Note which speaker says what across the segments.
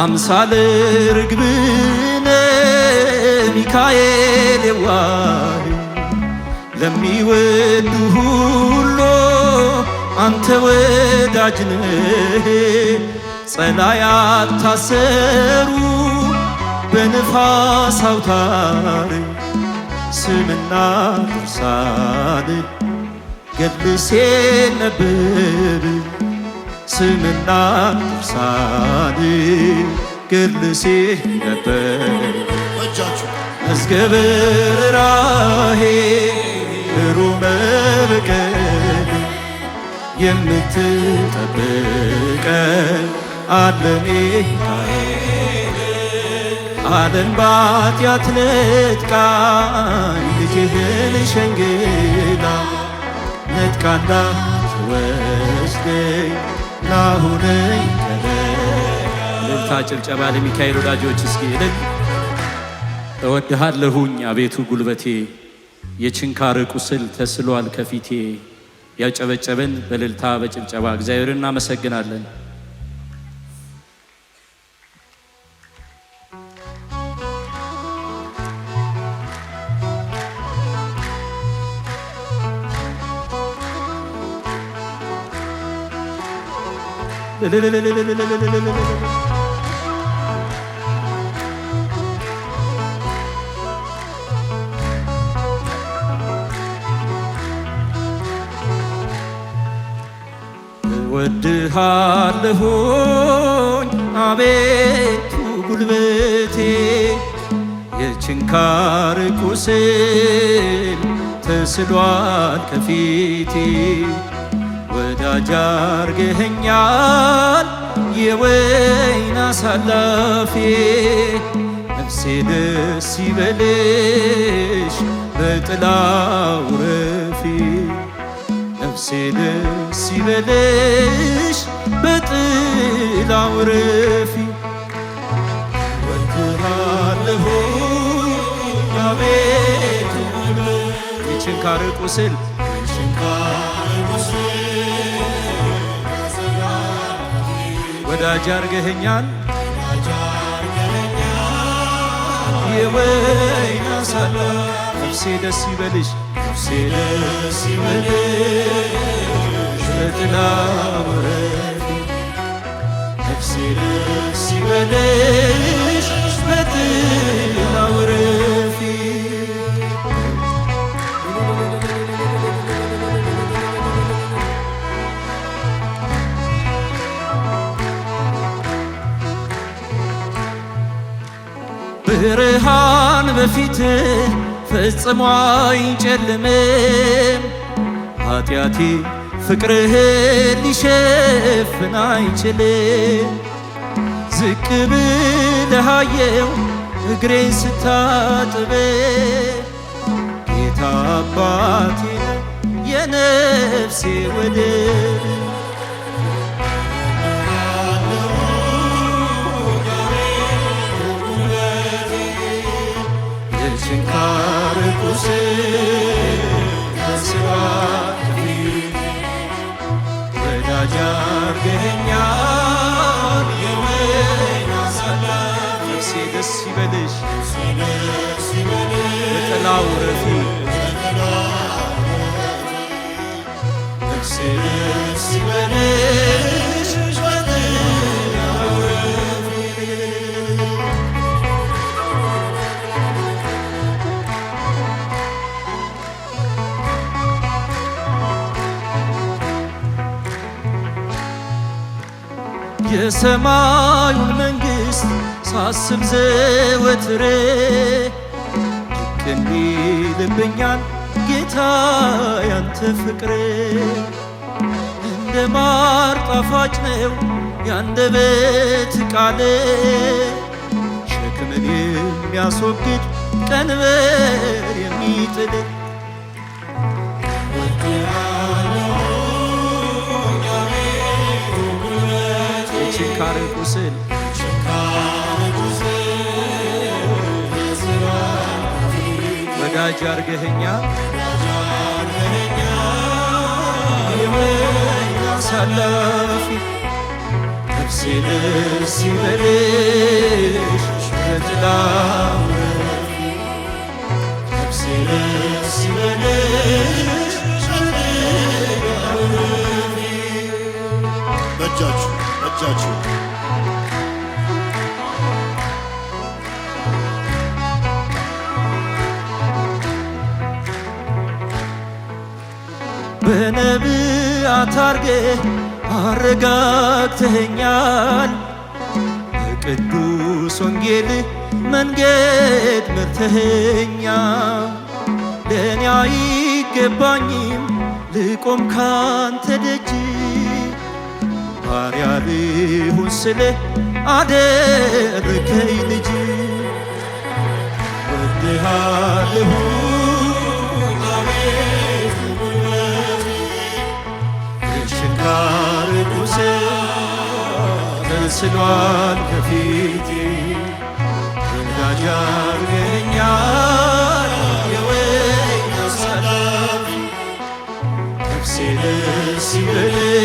Speaker 1: አምሳለ ርግብነ ሚካኤል የዋህ ለሚወዱ ሁሉ አንተ ወዳጅ ወዳጅነህ ጸላያት ታሰሩ በንፋስ አውታር ስምና ድርሳን ገልሴ ነበብ ስምና ቅሳኔ ገድል ሲነበብ መዝገበ ርኅራኄ ብሩህ መብቅዕ የምትጠብቀን አለ ሚካኤል ዓለም ነጥቃኝ ልጅህን ሸንግላ ነጥቃና ወስደኝ ናሁነ
Speaker 2: ልልታ ጭብጨባ ለሚካኤል ወዳጆች እስኪ ልል እወድሃለሁኝ አቤቱ ጉልበቴ የችንካር ቁስል ተስሏል ከፊቴ ያጨበጨበን በልልታ በጭብጨባ እግዚአብሔር እናመሰግናለን።
Speaker 1: እወድሃለሁኝ አቤቱ ጉልበቴ የችንካር ቁስል ተስሏል ከፊቴ ወዳጅ አርገኸኛል የወይን አሳላፊ ነፍሴ ደስ ይበልሽ በጥላው ረፊ ነፍሴ ደስ ይበልሽ በጥላው ረፊ ወድሃለሁ ያቤቱ
Speaker 2: ይችን ካርቁ ስል ወዳጅ አርገኸኛል
Speaker 1: የወይን አሳላ
Speaker 2: ነፍሴ ደስ ይበልሽ
Speaker 1: ነፍሴ ደስ ይበልሽ በጥላ ወረድ ነፍሴ ደስ ይበልሽ በጥላ ወረድ ብርሃን በፊት ፈጽሞ አይጨልምም። ኃጢአቴ ፍቅርህን ሊሸፍን አይችልም። ዝቅ ብለሃየው እግሬን ስታጥብ ጌታ አባቴ የነፍሴ ወደ ስንካር ቁስል ደስ ይበልሽ የሰማዩን መንግሥት ሳስብ ዘወትሬ ድንቅ የሚልብኛል ጌታ ያንተ ፍቅሬ እንደ ማር ጣፋጭ ነው ያንደበት ቃል ሸክምን የሚያስወግድ ቀንበር የሚጥል
Speaker 2: የችንካር ቁስል ወዳጅ አርገኸኛ
Speaker 1: ሳላፊ ነፍሴ ደስ ይበልሽ በጥላ
Speaker 2: በእጃችሁ እጃችሁ
Speaker 1: በነቢያት አድርገህ አረጋግተኸኛል። በቅዱስ ወንጌል መንገድ መርተኸኛል። ለእኔ አይገባኝም ልቆም ካንተ ደጅ ባሪያ ቢሆን ስለ አደረከኝ ልጅ ወድሃለሁ ሽንካር ቁስ ተስሏል ከፊቴ ወዳጅ አርገኛል የወይን ሰላም ነፍሴ ደስ ይበል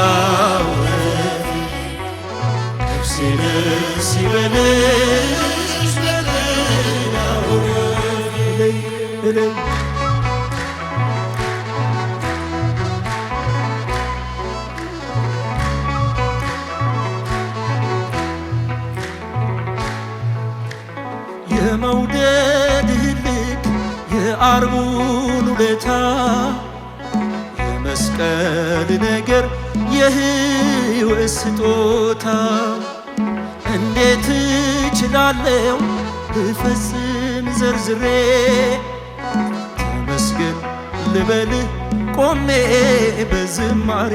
Speaker 1: ላወርድ ነፍሴን ሲበልሽ በላወርድ የአርቡን ውለታ የመስቀል ነገር የህይወት ስጦታ እንዴት እችላለሁ ልፈጽም ዘርዝሬ ተመስገን ልበልህ ቆሜ በዝማሬ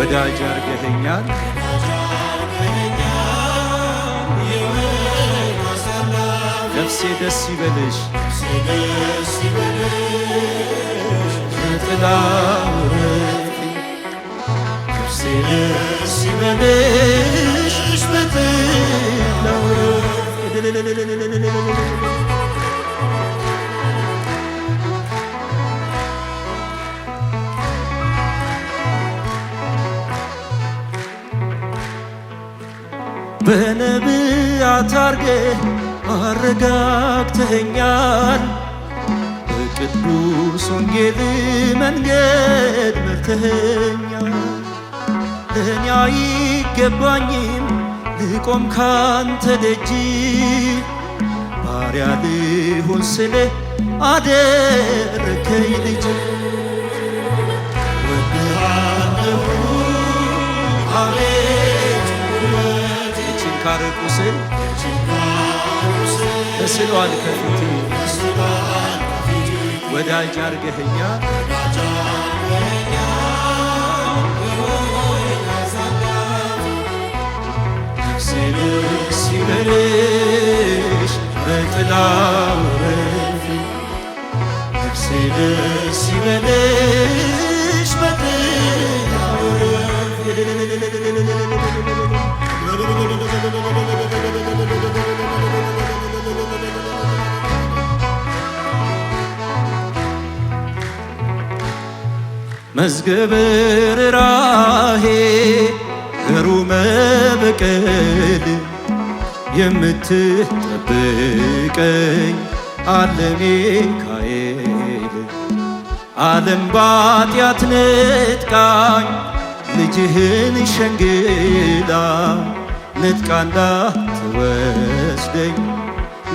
Speaker 2: ወዳጅ አርገኸኛል نفسي دسي بلش
Speaker 1: نفسي دسي بلش متداورك نفسي دسي بلش متداورك Beni bir atar gel አረጋግተኸኛል በቅዱስ ወንጌል መንገድ መርተኸኛል። ለእኔ አይገባኝም ልቆም ካንተ ደጅ ባሪያ ልሆን ስለ አደረከኝ ልጅ አቤት
Speaker 2: ችንካርቁስል
Speaker 1: ተስሏል ከፊት
Speaker 2: ወዳጅ አርገህኛ
Speaker 1: ሲበልሽ በጥላው ሲበልሽ በጥላው መዝገበ ርኅራኄ ግሩመ በቀል የምትጠብቀኝ አለ ሚካኤል። ዓለም ባጢአት ነጥቃኝ ልጅህን ሸንግላ ነጥቃንዳ ትወስደኝ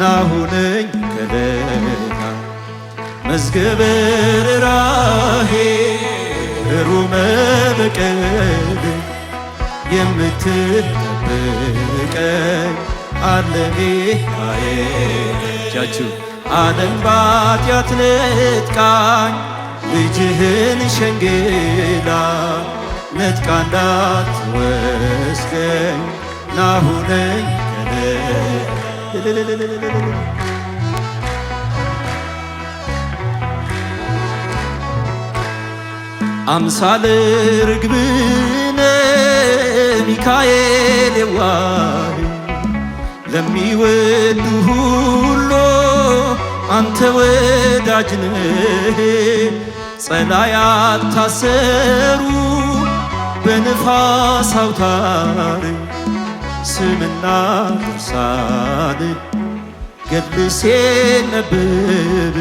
Speaker 1: ናሁነኝ ከለታ መዝገበ ርኅራኄ ግሩመ በቀል የምትጠብቀኝ አለ ሚካኤል ጃችሁ ዓለም ባጢአት ነጥቃኝ ልጅህን ሸንግላ ነጥቃ እንዳትወስደኝ ናሁነኝ አምሳለ ርግብነ ሚካኤል የዋህ ለሚወዱ ሁሉ አንተ ወዳጅ ነህ። ጸላያት ታሰሩ በንፋስ አውታር ስምና ድርሳን ገድል ሲነበብ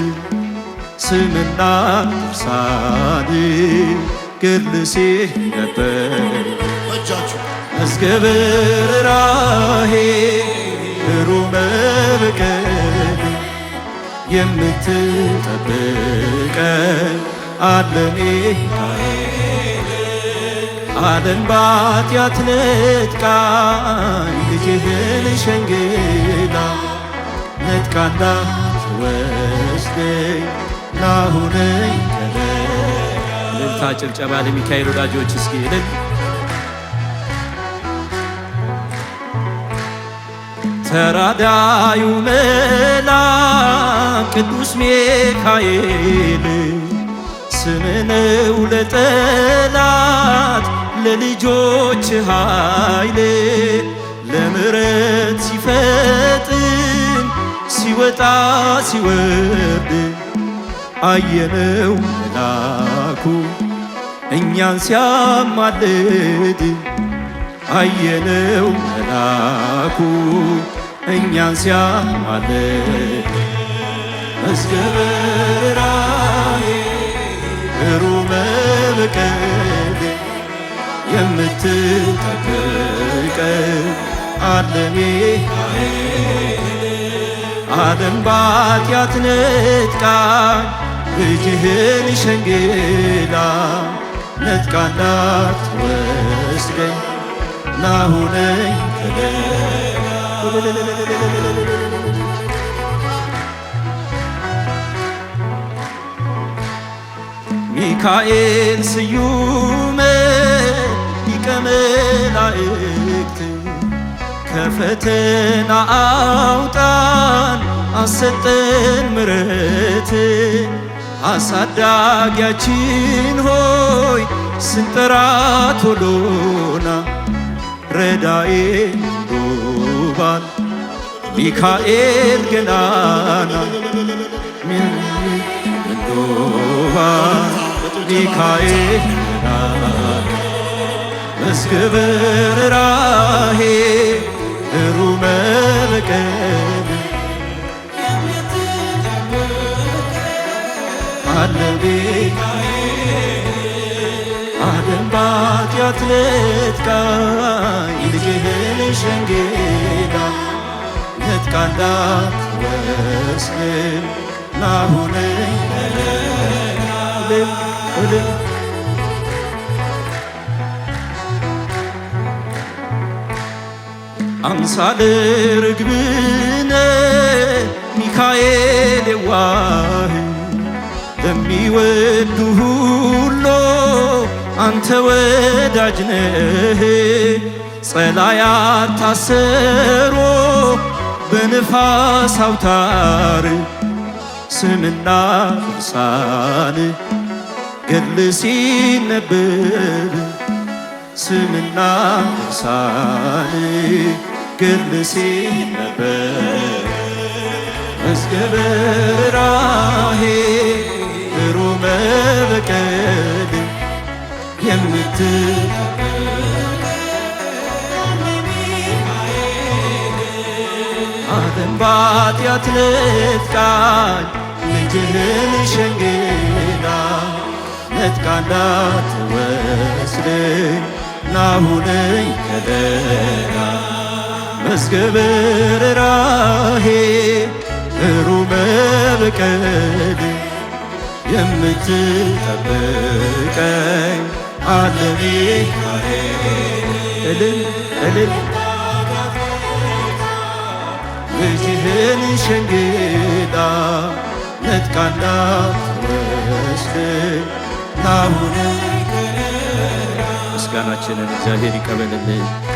Speaker 1: ስምና ተርሳኒ ግልሲ ነበር መዝገብር ራሄ ብሩ መብቀል የምትጠብቀን አለን አለን ባጢአት ነጥቃኝ ልጅህን ሸንግላ ነጥቃና ወስደኝ ቀና ሁነኝ
Speaker 2: እልልታ፣ ጭብጨባ ለሚካኤል ወዳጆች እስኪ እልል
Speaker 1: ተራዳዩ መልአክ ቅዱስ ሚካኤል ስምነው ለጠላት ለልጆች ኃይል ለምረት ሲፈጥን ሲወጣ ሲወርድ አየነው መላኩ እኛን ሲያማልድ አየነው መላኩ እኛን ሲያማልድ መዝገበ ራእይ ብሩህ መብቅል የምትጠብቀን ዓለም ዓለም በኃጢአት ነጥቃን እጅህን ሸንግላ ነጥቃናት ወስደኝ ናሁነኝ ሚካኤል ስዩም ሊቀ መላእክት ከፈተና አውጣን አሰጠን ምረት አሳዳጊያችን ሆይ ስንጠራ ቶሎና ረዳኤ ዱባል ሚካኤል ገናና ዱባል ሚካኤል መስክብር ራሄ ሩመ አለ ቤታዬ አምሳለ ርግብነ ሚካኤል የዋ ለሚወዱ ሁሉ አንተ ወዳጅ ነህ። ጸላያት ታሰሮ በንፋስ አውታር ስምና ፍርሳን ገድል ሲነበብ ስምና ፍርሳን ገድል ሲነበብ መዝገበ የምትጠበቀን የምትጠበቀን ዓለም በኃጢአት ነጥቃኝ ልጅህን ሸንግላ ወስደኝ ና ሁነኝ ከለላ መዝገበ እሩ የምትጠብቀኝ አለ ሚካኤል ልጅህን ሸንግላ ነጥቃና ትወስድ ናሁን
Speaker 2: ምስጋናችንን እግዚአብሔር ይቀበልልን።